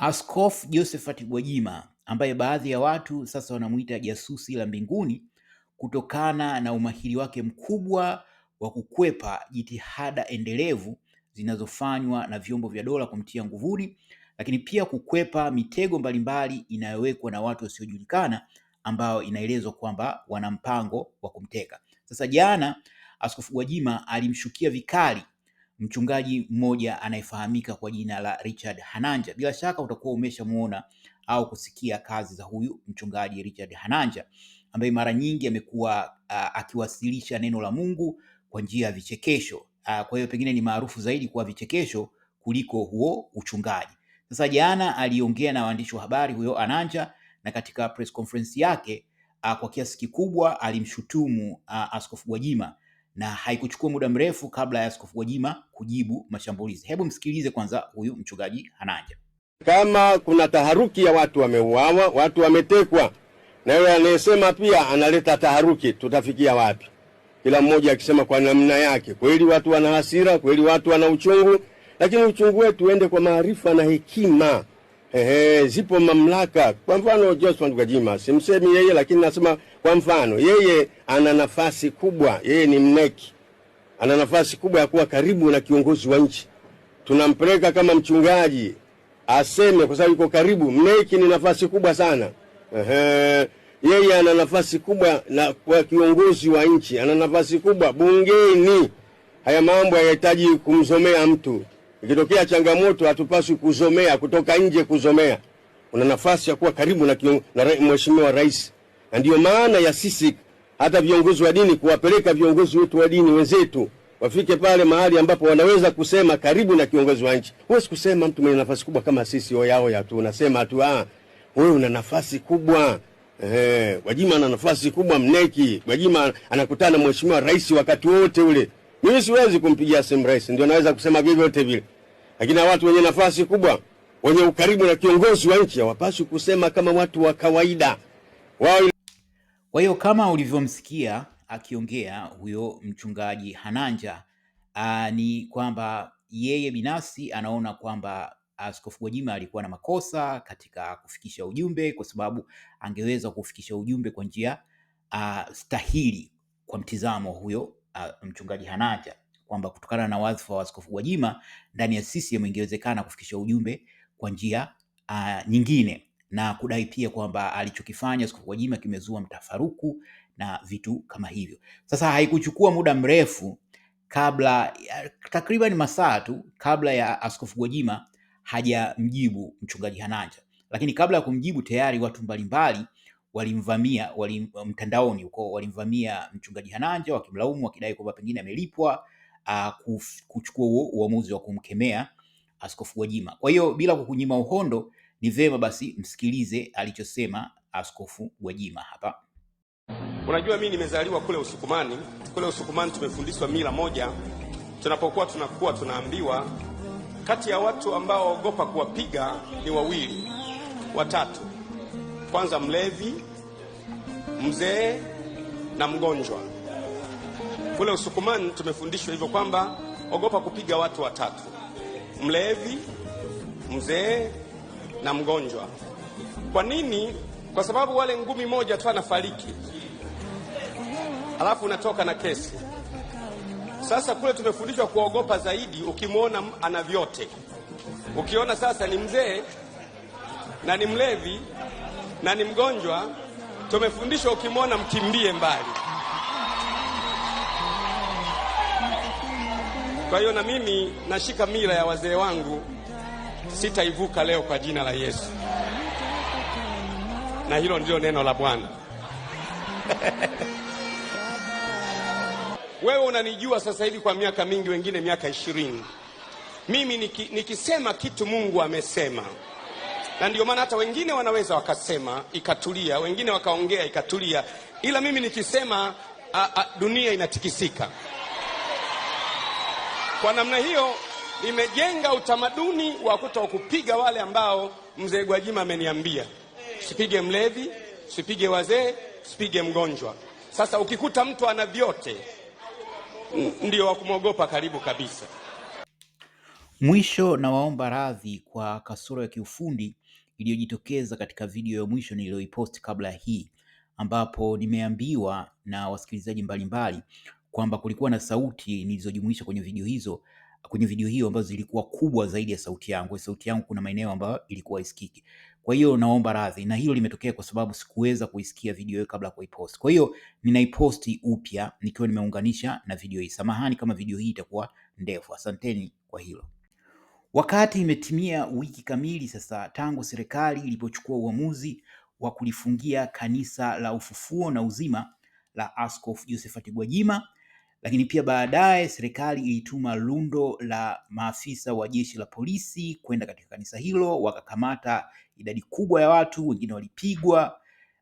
Askofu Josephat Gwajima ambaye baadhi ya watu sasa wanamuita jasusi la mbinguni kutokana na umahiri wake mkubwa wa kukwepa jitihada endelevu zinazofanywa na vyombo vya dola kumtia nguvuni, lakini pia kukwepa mitego mbalimbali inayowekwa na watu wasiojulikana ambao inaelezwa kwamba wana mpango wa kumteka. Sasa jana Askofu Gwajima alimshukia vikali mchungaji mmoja anayefahamika kwa jina la Richard Hananja. Bila shaka utakuwa umeshamuona au kusikia kazi za huyu mchungaji Richard Hananja ambaye mara nyingi amekuwa akiwasilisha neno la Mungu kwa njia ya vichekesho. A, kwa hiyo pengine ni maarufu zaidi kwa vichekesho kuliko huo uchungaji. Sasa jana aliongea na waandishi wa habari huyo Hananja, na katika press conference yake a, kwa kiasi kikubwa alimshutumu a, Askofu Gwajima na haikuchukua muda mrefu kabla ya Askofu Gwajima kujibu mashambulizi. Hebu msikilize kwanza huyu mchungaji Hananja. Kama kuna taharuki ya watu wameuawa, watu wametekwa, na yule anayesema pia analeta taharuki, tutafikia wapi? Kila mmoja akisema kwa namna yake. Kweli watu wana hasira, kweli watu wana uchungu, lakini uchungu wetu uende kwa maarifa na hekima. Ehe, zipo mamlaka. Kwa mfano Joshua Gwajima, simsemi yeye, lakini nasema kwa mfano yeye ana nafasi kubwa, yeye ni mneki, ana nafasi kubwa ya kuwa karibu na kiongozi wa nchi. Tunampeleka kama mchungaji aseme, kwa sababu yuko karibu. Mneki ni nafasi kubwa sana. Ehe, yeye ana nafasi kubwa na kwa kiongozi wa nchi, ana nafasi kubwa bungeni. Haya mambo hayahitaji kumsomea mtu. Ikitokea changamoto, hatupaswi kuzomea kutoka nje. Kuzomea, una nafasi ya kuwa karibu na, na mheshimiwa rais, na ndiyo maana ya sisi hata viongozi wa dini kuwapeleka viongozi wetu wa dini wenzetu wafike pale mahali ambapo wanaweza kusema karibu na kiongozi wa nchi. Huwezi kusema mtu mwenye nafasi kubwa kama sisi oya oya tu, unasema tu ah, wewe una nafasi kubwa eh, Gwajima ana nafasi kubwa, mneki Gwajima anakutana na mheshimiwa rais wakati wote ule. Mimi siwezi kumpigia simu rais, ndio naweza kusema vyovyote vile, lakini watu wenye nafasi kubwa, wenye ukaribu na kiongozi wa nchi hawapaswi kusema kama watu wa kawaida wao. Kwa hiyo kama ulivyomsikia akiongea huyo mchungaji Hananja, aa, ah, ni kwamba yeye binafsi anaona kwamba Askofu Gwajima alikuwa na makosa katika kufikisha ujumbe, kwa sababu angeweza kufikisha ujumbe kwa njia ah, stahili kwa mtizamo huyo mchungaji Hanacha kwamba kutokana na wadhifa wa Askofu Gwajima ndani ya CCM ingewezekana kufikisha ujumbe kwa njia uh, nyingine na kudai pia kwamba alichokifanya Askofu Gwajima kimezua mtafaruku na vitu kama hivyo. Sasa haikuchukua muda mrefu kabla takriban masaa tu kabla ya Askofu Gwajima hajamjibu mchungaji Hanacha, lakini kabla ya kumjibu tayari watu mbalimbali walimvamia wali, mtandaoni huko walimvamia mchungaji Hananja wakimlaumu wakidai kwamba pengine amelipwa uh, kuchukua uamuzi wa kumkemea Askofu Gwajima. Kwa hiyo bila kukunyima uhondo, ni vema basi msikilize alichosema Askofu Gwajima hapa. Unajua, mimi nimezaliwa kule Usukumani. Kule Usukumani tumefundishwa mila moja, tunapokuwa tunakuwa tunaambiwa kati ya watu ambao waogopa kuwapiga ni wawili watatu, kwanza mlevi, mzee na mgonjwa. Kule Usukumani tumefundishwa hivyo kwamba ogopa kupiga watu watatu: mlevi, mzee na mgonjwa. Kwa nini? Kwa sababu wale ngumi moja tu anafariki, alafu unatoka na kesi. Sasa kule tumefundishwa kuogopa zaidi, ukimwona ana vyote, ukiona sasa ni mzee na ni mlevi na ni mgonjwa Tumefundishwa ukimwona mkimbie mbali. Kwa hiyo na mimi nashika mila ya wazee wangu, sitaivuka leo kwa jina la Yesu, na hilo ndilo neno la Bwana. Wewe unanijua sasa hivi kwa miaka mingi, wengine miaka ishirini. Mimi niki, nikisema kitu Mungu amesema na ndio maana hata wengine wanaweza wakasema ikatulia, wengine wakaongea ikatulia, ila mimi nikisema a, a, dunia inatikisika. Kwa namna hiyo nimejenga utamaduni wa kuto kupiga wale ambao mzee Gwajima ameniambia sipige mlevi, sipige wazee, sipige mgonjwa. Sasa ukikuta mtu ana vyote ndio wa kumwogopa karibu kabisa. Mwisho, na waomba radhi kwa kasoro ya kiufundi iliyojitokeza katika video ya mwisho niliyoiposti kabla hii, ambapo nimeambiwa na wasikilizaji mbalimbali kwamba kulikuwa na sauti nilizojumuisha kwenye video hizo kwenye video hiyo ambazo zilikuwa kubwa zaidi ya sauti yangu. Sauti yangu kuna maeneo ambayo ilikuwa isikiki, kwa hiyo naomba radhi, na hilo limetokea kwa sababu sikuweza kuisikia video hiyo kabla ya kuipost. Kwa hiyo ninaiposti upya nikiwa nimeunganisha na video hii. Samahani kama video hii itakuwa ndefu, asanteni kwa hilo. Wakati imetimia wiki kamili sasa tangu serikali ilipochukua uamuzi wa kulifungia kanisa la Ufufuo na Uzima la Askofu Josephat Gwajima, lakini pia baadaye serikali ilituma lundo la maafisa wa jeshi la polisi kwenda katika kanisa hilo, wakakamata idadi kubwa ya watu, wengine walipigwa.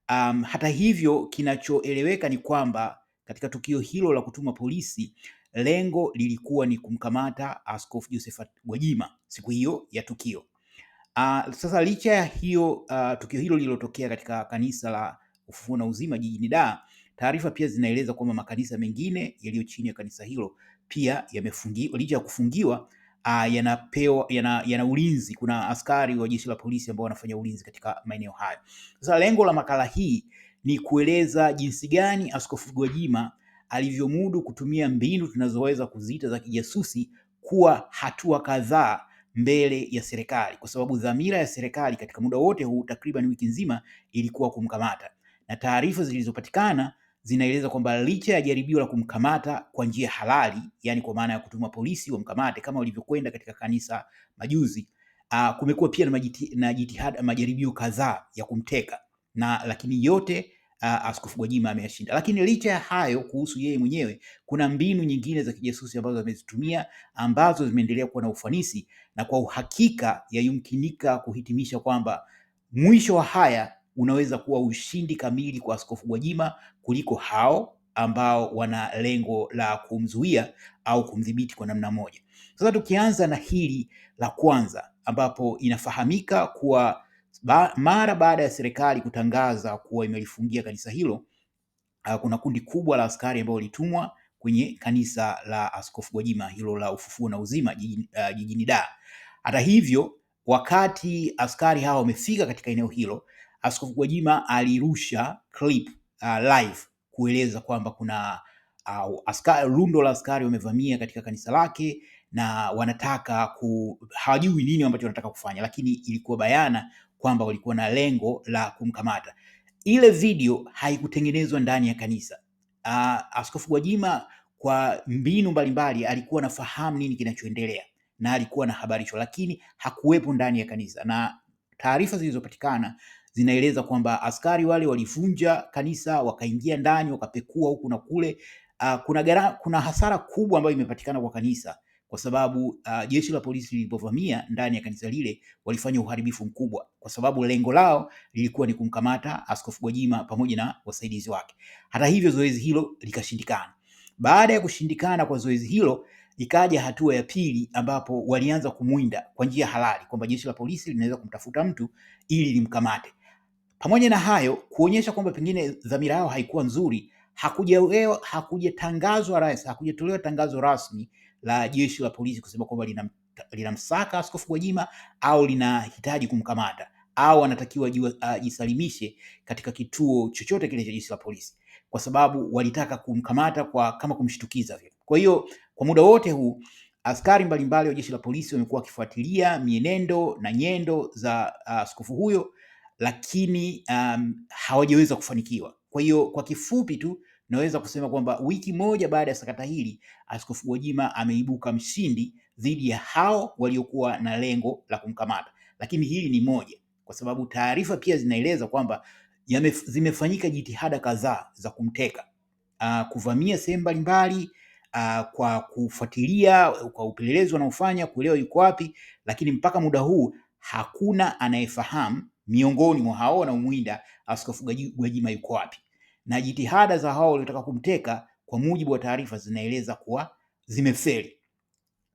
Um, hata hivyo kinachoeleweka ni kwamba katika tukio hilo la kutuma polisi Lengo lilikuwa ni kumkamata Askofu Josephat Gwajima siku hiyo ya tukio. Uh, sasa licha ya hiyo uh, tukio hilo lililotokea katika kanisa la Ufufuo na Uzima jijini Dar, taarifa pia zinaeleza kwamba makanisa mengine yaliyo chini ya kanisa hilo pia yamefungiwa, licha ya kufungiwa uh, yanapewa yana, yana ulinzi. Kuna askari wa jeshi la polisi ambao wanafanya ulinzi katika maeneo hayo. Sasa lengo la makala hii ni kueleza jinsi gani Askofu Gwajima alivyomudu kutumia mbinu tunazoweza kuziita za kijasusi kuwa hatua kadhaa mbele ya serikali, kwa sababu dhamira ya serikali katika muda wote huu takriban wiki nzima ilikuwa kumkamata, na taarifa zilizopatikana zinaeleza kwamba licha ya jaribio la kumkamata kwa njia halali, yani kwa maana ya kutuma polisi wamkamate kama walivyokwenda katika kanisa majuzi, kumekuwa pia na, majiti, na jitihada majaribio kadhaa ya kumteka na lakini yote uh, Askofu Gwajima ameyashinda. Lakini licha ya hayo, kuhusu yeye mwenyewe, kuna mbinu nyingine za kijasusi ambazo amezitumia ambazo zimeendelea kuwa na ufanisi na kwa uhakika yayumkinika kuhitimisha kwamba mwisho wa haya unaweza kuwa ushindi kamili kwa Askofu Gwajima kuliko hao ambao wana lengo la kumzuia au kumdhibiti kwa namna moja. Sasa tukianza na hili la kwanza ambapo inafahamika kuwa ba, mara baada ya serikali kutangaza kuwa imelifungia kanisa hilo, uh, kuna kundi kubwa la askari ambao walitumwa kwenye kanisa la Askofu Gwajima hilo la Ufufuo na Uzima jijini, uh, Dar. Hata hivyo, wakati askari hawa wamefika katika eneo hilo, Askofu Gwajima alirusha clip uh, live kueleza kwamba kuna uh, askari, rundo la askari wamevamia katika kanisa lake na wanataka ku, hawajui nini ambacho wanataka kufanya, lakini ilikuwa bayana kwamba walikuwa na lengo la kumkamata. Ile video haikutengenezwa ndani ya kanisa. Uh, Askofu Gwajima kwa mbinu mbalimbali mbali, alikuwa anafahamu nini kinachoendelea na alikuwa anahabarishwa, lakini hakuwepo ndani ya kanisa, na taarifa zilizopatikana zinaeleza kwamba askari wale walivunja kanisa, wakaingia ndani, wakapekua huku na kule. Uh, kuna gara, kuna hasara kubwa ambayo imepatikana kwa kanisa kwa sababu uh, jeshi la polisi lilipovamia ndani ya kanisa lile walifanya uharibifu mkubwa, kwa sababu lengo lao lilikuwa ni kumkamata Askofu Gwajima pamoja na wasaidizi wake. Hata hivyo, zoezi hilo likashindikana. Baada ya kushindikana kwa zoezi hilo, ikaja hatua ya pili ambapo walianza kumwinda kwa njia halali, kwamba jeshi la polisi linaweza kumtafuta mtu ili limkamate. Pamoja na hayo, kuonyesha kwamba pengine dhamira yao haikuwa nzuri, hakujatangazwa rais, hakujatolewa tangazo rasmi la jeshi la polisi kusema kwamba linamsaka lina Askofu Gwajima au linahitaji kumkamata au anatakiwa ajisalimishe katika kituo chochote kile cha jeshi la polisi, kwa sababu walitaka kumkamata kwa kama kumshtukiza vile. Kwa hiyo kwa muda wote huu askari mbalimbali wa jeshi la polisi wamekuwa wakifuatilia mienendo na nyendo za askofu uh, huyo, lakini um, hawajaweza kufanikiwa. Kwa hiyo kwa kifupi tu naweza kusema kwamba wiki moja baada ya sakata hili, Askofu Gwajima ameibuka mshindi dhidi ya hao waliokuwa na lengo la kumkamata. Lakini hili ni moja, kwa sababu taarifa pia zinaeleza kwamba zimefanyika jitihada kadhaa za kumteka, uh, kuvamia sehemu mbalimbali Uh, kwa kufuatilia kwa upelelezi wanaofanya kuelewa yuko wapi, lakini mpaka muda huu hakuna anayefahamu miongoni mwa hao wanaomwinda Askofu Gwajima yuko wapi na jitihada za hao waliotaka kumteka kwa mujibu wa taarifa zinaeleza kuwa zimefeli.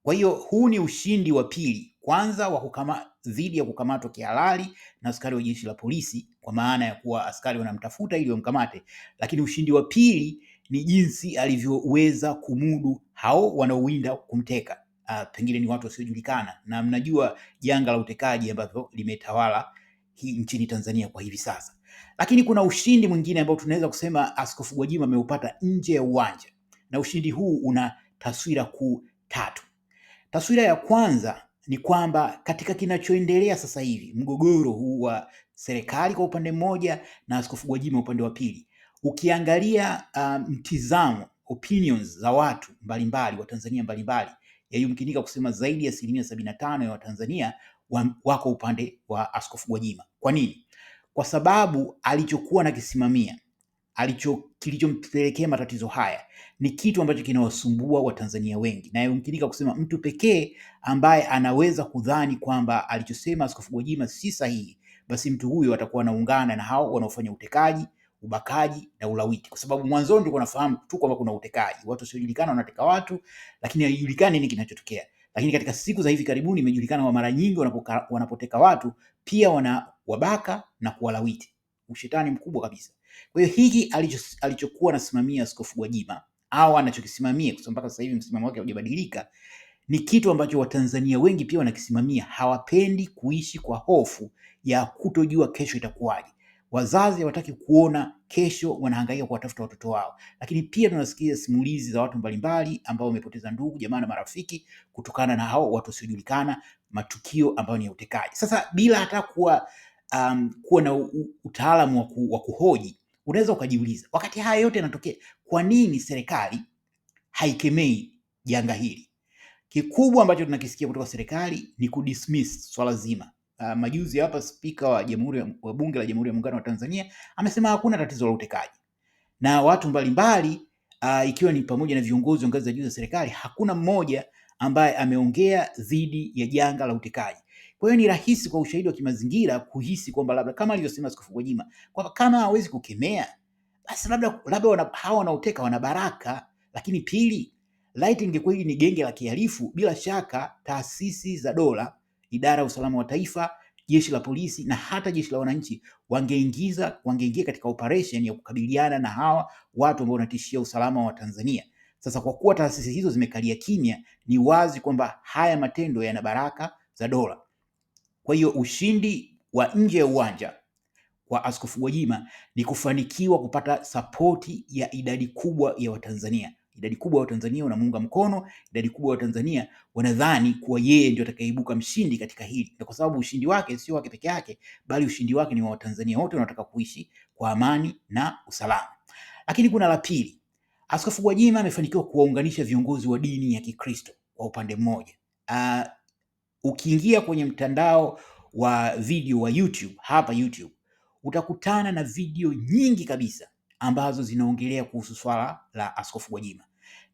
Kwa hiyo huu ni ushindi wa pili, kwanza wa kukama dhidi ya kukamatwa kihalali na askari wa jeshi la polisi, kwa maana ya kuwa askari wanamtafuta ili wamkamate, lakini ushindi wa pili ni jinsi alivyoweza kumudu hao wanaowinda kumteka. Uh, pengine ni watu wasiojulikana, na mnajua janga la utekaji ambavyo limetawala hii nchini Tanzania kwa hivi sasa. Lakini kuna ushindi mwingine ambao tunaweza kusema Askofu Gwajima ameupata nje ya uwanja, na ushindi huu una taswira kuu tatu. Taswira ya kwanza ni kwamba katika kinachoendelea sasa hivi, mgogoro huu wa serikali kwa upande mmoja na Askofu Gwajima upande wa pili, ukiangalia uh, mtizamo um, opinions za watu mbalimbali wa Tanzania mbalimbali yayumkinika kusema zaidi ya asilimia sabini na tano ya Watanzania wako upande wa Askofu Gwajima. Kwa nini? kwa sababu alichokuwa nakisimamia alicho kilichompelekea matatizo haya ni kitu ambacho kinawasumbua Watanzania wengi, na yumkinika kusema mtu pekee ambaye anaweza kudhani kwamba alichosema Askofu Gwajima si sahihi, basi mtu huyo atakuwa anaungana na hao wanaofanya utekaji, ubakaji na ulawiti, kwa sababu mwanzoni tulikuwa nafahamu tu kwamba kuna utekaji, watu wasiojulikana wanateka watu, lakini haijulikani nini kinachotokea. Lakini katika siku za hivi karibuni imejulikana kwa mara nyingi wanapoteka watu pia wana, wabaka na kuwalawiti. Ushetani mkubwa kabisa. Kwa hiyo hiki alichokuwa anasimamia Askofu Gwajima au anachokisimamia kwa mpaka sasa hivi msimamo wake haujabadilika, ni kitu ambacho Watanzania wengi pia wanakisimamia. Hawapendi kuishi kwa hofu ya kutojua kesho itakuwaje. Wazazi hawataki kuona kesho wanahangaika kuwatafuta watoto wao, lakini pia tunasikia simulizi za watu mbalimbali ambao wamepoteza ndugu, jamaa na marafiki kutokana na hao watu wasiojulikana, matukio ambayo ni ya utekaji. Sasa bila hata kuwa um, kuwa na utaalamu wa, waku, kuhoji, unaweza ukajiuliza wakati haya yote yanatokea, kwa nini serikali haikemei janga hili? Kikubwa ambacho tunakisikia kutoka serikali ni kudismiss swala zima. Uh, majuzi hapa spika wa jamhuri wa bunge la Jamhuri ya Muungano wa Tanzania amesema hakuna tatizo la utekaji, na watu mbalimbali uh, ikiwa ni pamoja na viongozi wa ngazi za juu za serikali, hakuna mmoja ambaye ameongea dhidi ya janga la utekaji. Kwa hiyo ni rahisi kwa ushahidi wa kimazingira kuhisi kwamba labda kama alivyosema Askofu Gwajima kwa kama hawezi kukemea basi labda labda wana, hawa wanaoteka wana baraka. Lakini pili, laiti ingekuwa ni genge la kihalifu, bila shaka taasisi za dola, idara ya usalama wa taifa, jeshi la polisi na hata jeshi la wananchi wangeingiza wangeingia katika operation ya kukabiliana na hawa watu ambao wanatishia usalama wa Tanzania. Sasa kwa kuwa taasisi hizo zimekalia kimya, ni wazi kwamba haya matendo yana baraka za dola. Kwa hiyo ushindi wa nje ya uwanja kwa Askofu Gwajima ni kufanikiwa kupata sapoti ya idadi kubwa ya Watanzania. Idadi kubwa ya Watanzania wanamuunga mkono, idadi kubwa ya Watanzania wanadhani kuwa yeye ndio atakayeibuka mshindi katika hili, na kwa sababu ushindi wake sio wake peke yake, bali ushindi wake ni wa Watanzania wote wanaotaka kuishi kwa amani na usalama. Lakini kuna la pili, Askofu Gwajima amefanikiwa kuwaunganisha viongozi wa dini ya Kikristo kwa upande mmoja. Uh, Ukiingia kwenye mtandao wa video wa YouTube, hapa YouTube utakutana na video nyingi kabisa ambazo zinaongelea kuhusu swala la Askofu Gwajima,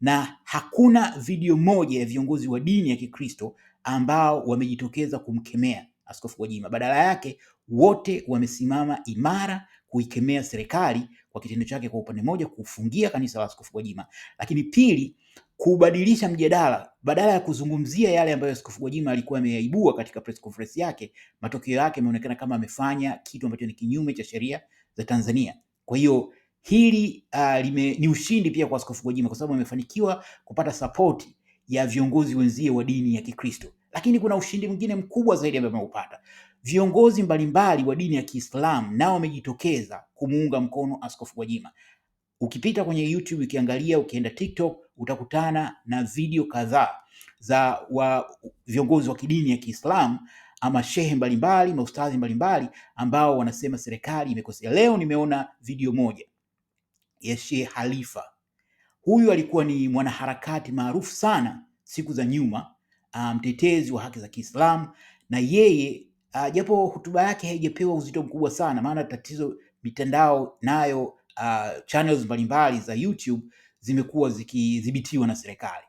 na hakuna video moja ya viongozi wa dini ya Kikristo ambao wamejitokeza kumkemea Askofu Gwajima. Badala yake wote wamesimama imara kuikemea serikali kwa kitendo chake, kwa upande mmoja kufungia kanisa la Askofu Gwajima, lakini pili kubadilisha mjadala, badala ya kuzungumzia yale ambayo Askofu Gwajima alikuwa ameyaibua katika press conference yake, matokeo yake yameonekana kama amefanya kitu ambacho ni kinyume cha sheria za Tanzania. Kwa hiyo hili uh, lime, ni ushindi pia kwa Askofu Gwajima kwa sababu amefanikiwa kupata sapoti ya viongozi wenzie wa dini ya Kikristo, lakini kuna ushindi mwingine mkubwa zaidi ambao ameupata. Viongozi mbalimbali wa dini ya Kiislamu nao wamejitokeza kumuunga mkono Askofu Gwajima, Ukipita kwenye YouTube ukiangalia, ukienda TikTok utakutana na video kadhaa za wa viongozi wa kidini ya Kiislamu ama shehe mbalimbali, maustadhi mbalimbali ambao wanasema serikali imekosea. Leo nimeona video moja ya Sheikh Khalifa. Huyu alikuwa ni mwanaharakati maarufu sana siku za nyuma, ah, mtetezi um, wa haki za Kiislamu na yeye uh, japo hotuba yake haijapewa uzito mkubwa sana, maana tatizo mitandao nayo uh, channels mbalimbali za YouTube zimekuwa zikidhibitiwa na serikali.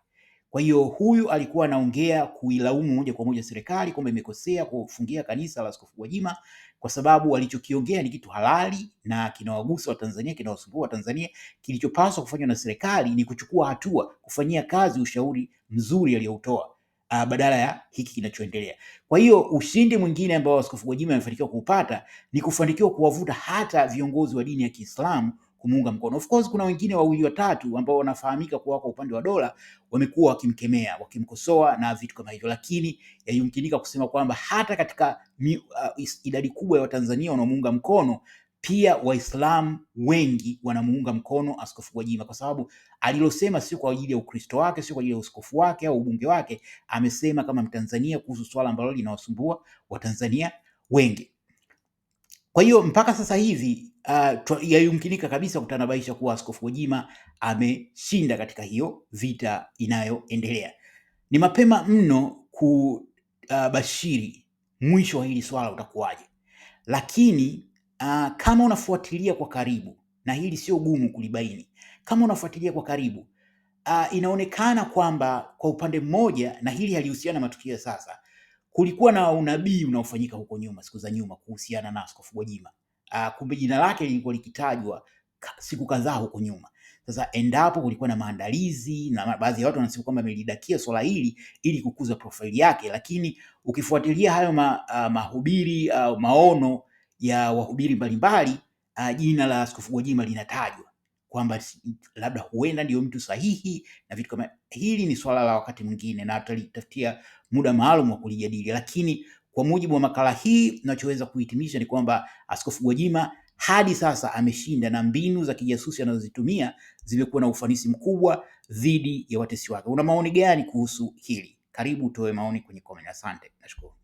Kwa hiyo huyu alikuwa anaongea kuilaumu moja kwa moja serikali kwamba imekosea kufungia kanisa la Askofu Gwajima kwa sababu alichokiongea ni kitu halali na kinawagusa Watanzania, kinawasumbua Watanzania. Kilichopaswa kufanywa na serikali ni kuchukua hatua, kufanyia kazi ushauri mzuri aliyoutoa uh, badala ya hiki kinachoendelea. Kwa hiyo ushindi mwingine ambao Askofu Gwajima amefanikiwa kuupata ni kufanikiwa kuwavuta hata viongozi wa dini ya Kiislamu kumuunga mkono. Of course kuna wengine wawili watatu ambao wanafahamika kuwa kwa upande wa dola wamekuwa wakimkemea, wakimkosoa na vitu kama hivyo, lakini yayumkinika kusema kwamba hata katika mi, uh, idadi kubwa ya Watanzania wanaomuunga mkono pia Waislamu wengi wanamuunga mkono Askofu Gwajima kwa sababu alilosema sio kwa ajili ya Ukristo wake, sio kwa ajili ya uskofu wake au ubunge wake. Amesema kama Mtanzania kuhusu swala ambalo linawasumbua Watanzania wengi. Kwa hiyo mpaka sasa hivi uh, yayumkinika kabisa kutanabaisha kuwa Askofu Gwajima ameshinda katika hiyo vita inayoendelea. Ni mapema mno kubashiri uh, mwisho wa hili swala utakuwaje, lakini uh, kama unafuatilia kwa karibu, na hili sio gumu kulibaini, kama unafuatilia kwa karibu uh, inaonekana kwamba kwa upande mmoja, na hili halihusiana na matukio ya sasa, kulikuwa na unabii unaofanyika huko nyuma, siku za nyuma, kuhusiana na Askofu Gwajima. Uh, kumbe jina lake lilikuwa likitajwa siku kadhaa huko nyuma. Sasa endapo kulikuwa na maandalizi na baadhi ya watu wanasema kwamba amelidakia swala hili ili kukuza profaili yake, lakini ukifuatilia hayo ma, uh, mahubiri uh, maono ya wahubiri mbalimbali uh, jina la Askofu Gwajima linatajwa kwamba labda huenda ndio mtu sahihi na vitu kama hili. Ni swala la wakati mwingine na tutalitafutia muda maalum wa kulijadili, lakini kwa mujibu wa makala hii tunachoweza kuhitimisha ni kwamba Askofu Gwajima hadi sasa ameshinda na mbinu za kijasusi anazozitumia zimekuwa na ufanisi mkubwa dhidi ya watesi wake. Una maoni gani kuhusu hili? Karibu utoe maoni kwenye comment. Asante, nashukuru.